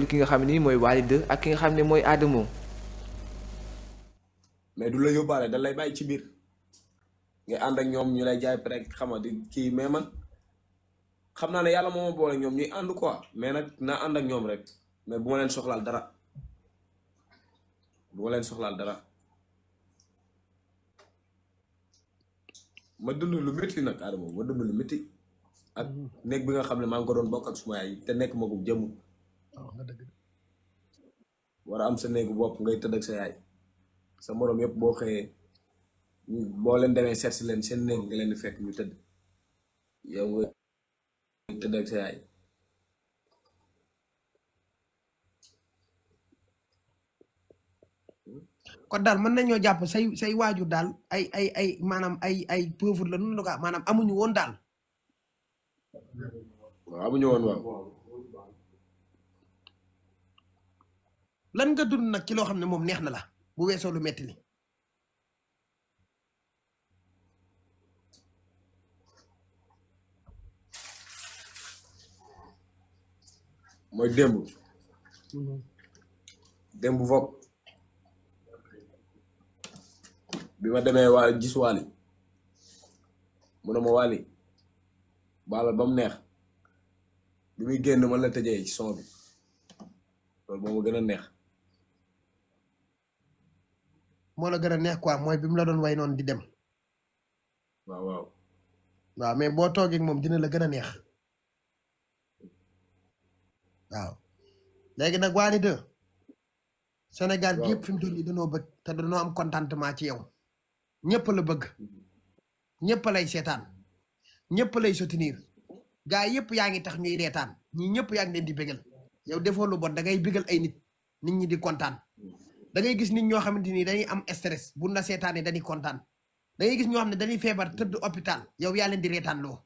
ki nga xam ni mooy Walid ak ki nga xam ne mooy Adamo. mais du la yóbbaale da lay bàyyi ci biir nga ànd ak ñoom ñu lay jaay prek xama kii mais man xam naa ne yàlla moo ma boole ñoom ñuy ànd quoi mais nag naa ànd ak ñoom rek mais bu ma leen soxlaal dara bu ma dara ma dund lu métti nag Adamo ma dund lu métti ak mm. nekk bi nga xam ne maa ngi ko doon bokk suma yaay te nekk magum jëm war a am sa néegu bopp ngay tëdd ak sa yaay sa moroom yëpp boo xëyee ñu boo leen demee seet si leen seen néeg nga leen di fekk mu tëdd yow nga tëdd ak sa kon daal mën nañoo jàpp say say waajur daal ay ay ay maanaam ay ay pauvre la nunu la ko maanaam amuñu woon daal waaw amuñu woon waaw lan nga dund nag ci loo xam ne moom neex na la bu weesoo lu metti li mooy démb mm-hmm. démb foog bi ma demee waa gis waali mu ne ma waali baal ba mu neex bi muy génn man la tëjee ci son bi loolu ma gën a neex moo la gën a neex ko mooy bi mu la doon way noonu di dem. waaw mais boo toogee moom dina la gën a neex waaw léegi nag Wally 2 Sénégal gi yëpp fi mu toll nii danoo bëgg te danoo am contentement ci yow ñëpp la bëgg ñëpp lay seetaan ñëpp lay soutenir gaa yëpp yaa ngi tax ñuy reetaan ñi ñëpp yaa ngi di bégal yow defoo lu bon da ngay ay nit nit ñi di kontaan. da gis nit ñoo xamante ni dañuy am stress bu na seetaanee dañuy kontaan da ngay gis ñoo xam ne dañuy feebar tëdd hôpital yow yaa leen di reetaanloo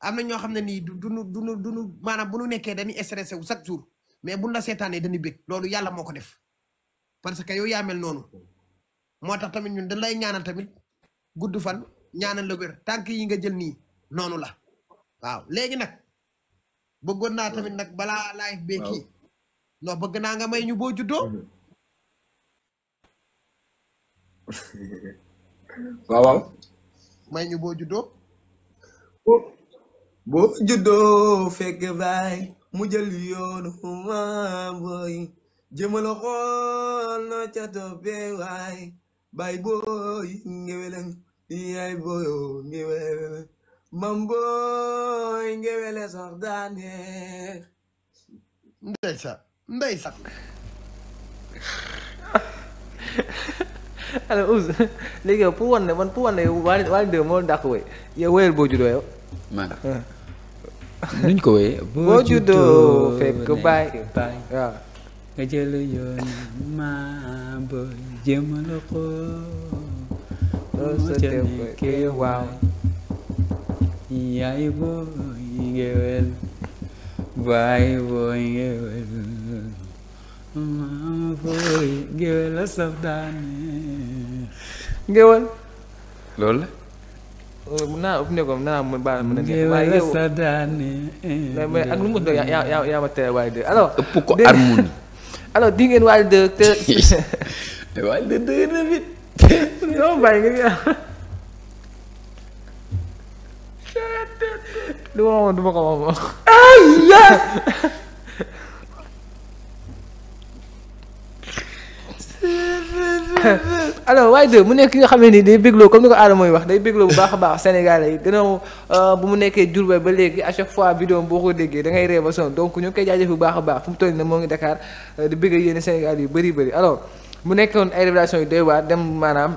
am na ñoo xam ne nii du du du du du maanaam bu nu nekkee dañuy stressé wu chaque jour mais bu na seetaanee dañuy bëgg loolu yàlla moo ko def parce que yow yaa noonu moo tax tamit ñun dañ lay ñaanal tamit gudd fan ñaanal la wér tànk yi nga jël nii noonu la waaw léegi nag bëggoon naa tamit nag balaa live bëgg naa nga may ñu boo juddoo. waaw waaw. may ñu boo juddoo. boo juddoo fekk baay mu jël yoonu maam booy jëmale xool na ca toppee waay baay booy ngewelen yaay booy ngewelen mam booy ngewele sax daane. ndeysa alors Ousse léegi yow pour wan ne moo dàq woy yow boo juddoo yow. man nuñ ko wéyee. boo juddoo fekk bàyyi waaw. nga jël yoon maa ba jéem la ko. loolu sa nekkee waaw. yaay booy ngewel baay booy ngewel. fooy géwél la saf daane géwél loolu la euh, mun naa ëpp ne ko naa mun baal mën a neex waaye yow sa daane mais ak lu mu doon yaa yaa yaa ma tere waaye de alors ëpp ko harmonie alors di ngeen waaye de te waaye de dëgg na fit doo bàyyi nga yaa du ma wax du ma ko wax ay alors waaye de mu nekk ki nga xam ni nii day bégloo comme ni ko Adama mooy wax day bégloo bu baax a baax Sénégalais yi gannaaw euh, bu mu nekkee Diourbel ba léegi à chaque fois bi vidéo boo ko déggee dangay ngay ree ba sonn donc ñu koy jaajëf bu baax a baax fu mu toll nii moo ngi dakaar euh, di bégg yéen Sénégal yu bëri bëri alors mu nekkoon ay révélation yu doy waa dem maanaam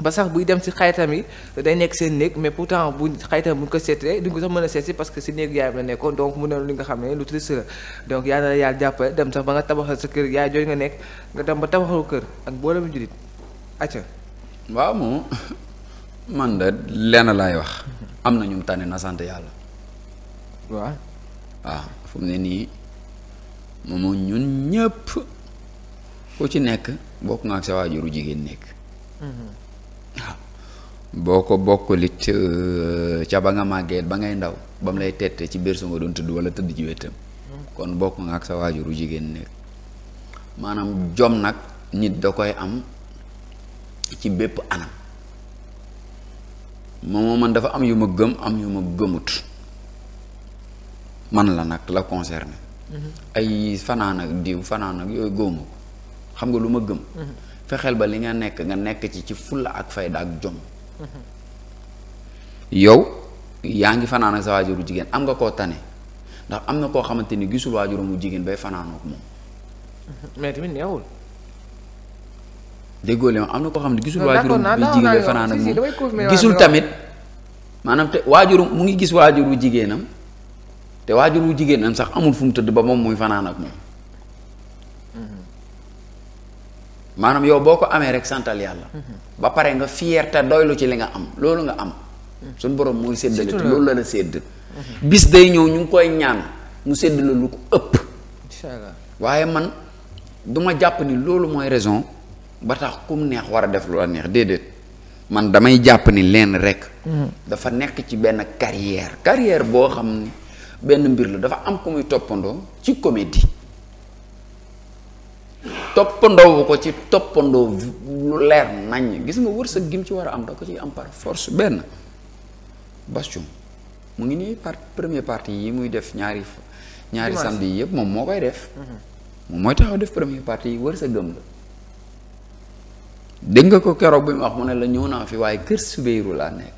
ba sax buy dem si xaytam yi day nekk seen néeg mais pourtant bu xaytam bu ñu ko seetee duñ ko sax mën a seet si parce que si néeg yaayam la nekkoon donc mu ne li xam ne lu triste la donc yaa na la yàlla jàppale dem sax ba nga tabaxal sa kër yaay jooy nga nekk nga dem ba tabaxal kër ak mboolem jullit acca waaw moom man de lenn laay wax am na ñum tànne na sant yàlla waaw waaw fu ne nii moomu ñun ñëpp ku ci nekk bokk nga ak sa waajuru jigéen nekk mm-hmm. waaw boo ko bokkulit euh, ca ba nga màggee ba ngay ndaw ba mu lay tette ci biir su nga doon tëdd wala tëdd ci wetam. kon bokk nga ak sa waajuru jigéen nekk maanaam jom nag nit da koy am ci bépp anam moomoo man dafa am yu ma gëm am yu ma gëmut man la nag la concerné mm-hmm. ay fanaan ak diw fanaan ak yooyu góoma ko xam nga lu ma gëm. fexeel ba li nga nekk nga nekk ci ci fulla ak fayda ak jom. yow yaa ngi fanaan ak sa waajuru jigéen am nga koo ndax am na koo xamante ni gisul waajuru mu jigéen bay fanaanoo moom. mais tamit neexul. déggoo leen am na koo xam ne gisul waajuru bu jigéen bay fanaan ak gisul tamit maanaam te waajuru mu ngi gis wu jigéenam te waajuru jigéenam sax amul fu mu tëdd ba moom muy fanaan ak moom. maanaam yow boo ko amee rek santal yàlla. ba pare nga fierté doylu ci li nga am loolu nga am. suñu borom mooy séddale te loolu la la sédd. bis day ñëw ñu ngi koy ñaan mu sédd la lu ko ëpp. waaye man duma jàpp ni loolu mooy raison ba tax ku neex war a def lu la neex déedéet man damay jàpp ni leen rek. dafa nekk ci benn carrière carrière boo xam ni benn mbir la dafa am ku muy toppandoo ci comédie. toppandoowu ko ci toppandoo lu leer naññ gis nga wër sa gim ci war a am da ko ci am par force benn bastion mu ngi nii par premier partie yi muy def ñaari ñaari samedi yi yëpp moom moo koy def mhm. moom mooy taxaw def premier partie yi wërsëgam la dégg nga ko keroog bi mu wax mu ne la ñëw naa fi waaye kër subéyru laa nekk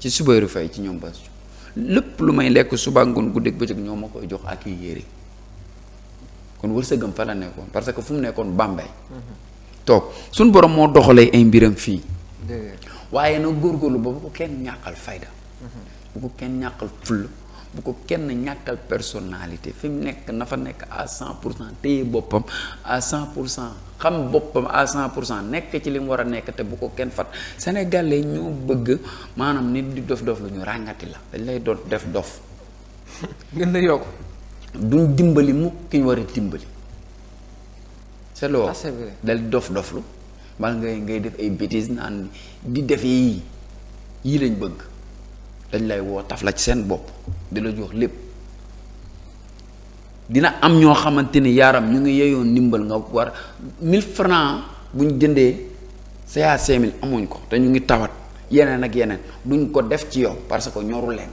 ci subéyru fey ci ñoom bastion lépp lu may lekk suba ngoon guddeeg bëccëg ñoo ma koy jox ak i kon wërsëgam fa la nekkoon parce que fu mu nekkoon Bambey. toog suñu borom moo doxalee ay mbiram fii. waaye na góor góorlu ba bu ko kenn ñàkkal fayda. bu ko kenn ñàkkal fulla bu ko kenn ñàkkal personnalité fi mu nekk na fa nekk à cent pour cent téye boppam à cent pour cent xam boppam à cent pour cent nekk ci li mu war a nekk te bu ko kenn fat sénégalais ñoo bëgg maanaam nit di dof dof lu ñu ràngati la dañ lay doon def dof. ngeen lay yokk. duñ dimbali mukk ki war a dimbali. c'est loolu ah, dal dof doflu man ngay ngay def ay bêtises naan di def yi yii lañ bëgg dañ lay woo taf la ci seen bopp di la jox lépp dina am ñoo xamante ni yaaram ñu ngi yeyoon ndimbal nga war mille francs buñ jëndee sa cinq mille amuñ ko te ñu ngi tawat yeneen ak yeneen duñ ko def ci yow parce que ñoru leen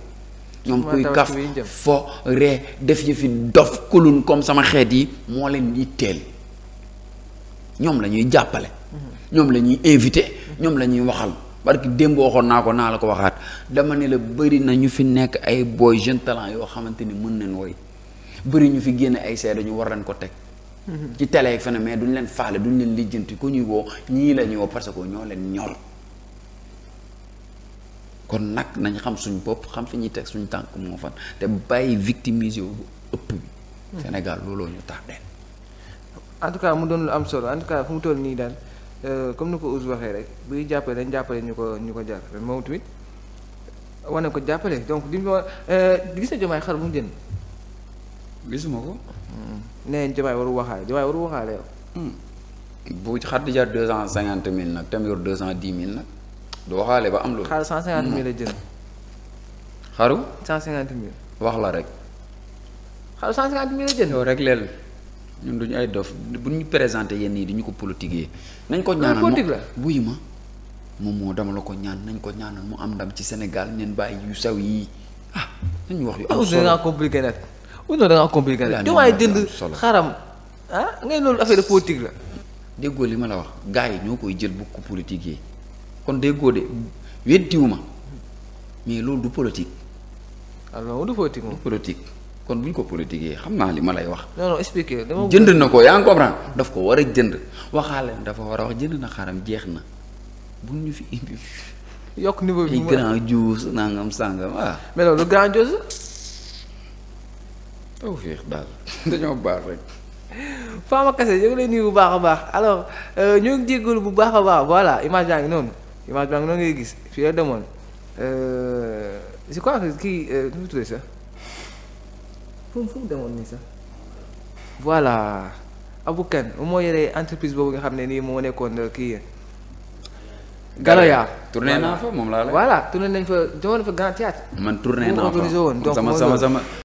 ñoom kuy kaf fo ree def yëfi dof kulun comme sama xeet yi moo leen di teel ñoom la ñuy jàppale mm-hmm. ñoom la ñuy invité mm-hmm. ñoom la ñuy waxal parce que démb naa ko naa la ko waxaat dama ne la bëri na ñu fi nekk ay boy jeune talent yoo xamante ni mën nañ wooy bëri ñu fi génn ay seede ñu war leen ko teg mm-hmm. ci télé yi feneen mais duñ leen faale duñ leen lijjanti ku ñuy woo ñii la ñuy woo parce que ñoo leen ñor kon nag nañ xam suñu bopp xam fi ñuy teg suñu tànk moo fan te bàyyi victimiser wu ëpp bi. Hmm. Sénégal looloo ñu tardé. en tout cas mu doon lu am solo en tout cas fu mu toll nii daal euh, comme ni ko Ousse waxee rek buy jàppale dañ jàppale ñu ko ñu ko jàppale moom tamit wane ko jàppale donc di ma euh, gis na jomaay xar mu jënd. gisuma ko. Hmm. nee jomaay waru waxaale jomaay waru waxaale yow. Hmm. bu xar di jar deux cent cinquante mille nag tam yor deux cent dix mille nag. du waxaale ba am loolu. xaaru 150 000 la jënd. xaaru. 150 wax la rek. xaaru 150 000 la rek leel ñu duñu ay dof bu ñu présenté yenn yi duñu ko politiquer. nañ ko ñaanal politique ma. moom moo dama la ko ñaan nañ ko ñaanal mu am ndam ci senegal neen bàyyi yu saw yi ah nañu wax yu am solo da ngaa compliqué nag uno da ngaa compliqué nag jomaay jënd xaram ah, ngay loolu affaire politique la déggoo li ma la wax gars yi ñoo koy jël bu ko politique yi kon déggoo de weddiwuma mais loolu du politique. alors ah du politique kon buñ ñu ko politiquee xam naa li ma lay wax. non non expliquer dama jënd na ko yaa daf ko war a jënd waxaale dafa war a wax jënd na xaram jeex na bu ñu fi indi. yokk niveau bi mu grand juus nangam sangam ah. mais loolu grand juus. taw féex daal dañoo baax rek. Fama Kassé ñu ngi lay nuyu bu baax a baax alors euh, ñoo ngi bu baax a baax voilà image yaa ngi noonu. image baa ngi noonu ngay gis fii la demoon je crois que kii nu sa tuddee sax fu demoon nii sax voilà Abou Kane moo yore entreprise boobu nga xam ne nii moo nekkoon uh, kii yéen. Galoya tourné naa fa moom laa la. voilà tourné nañ fa joxoon fa grand théâtre. man tourné naa fa organisé sama sama.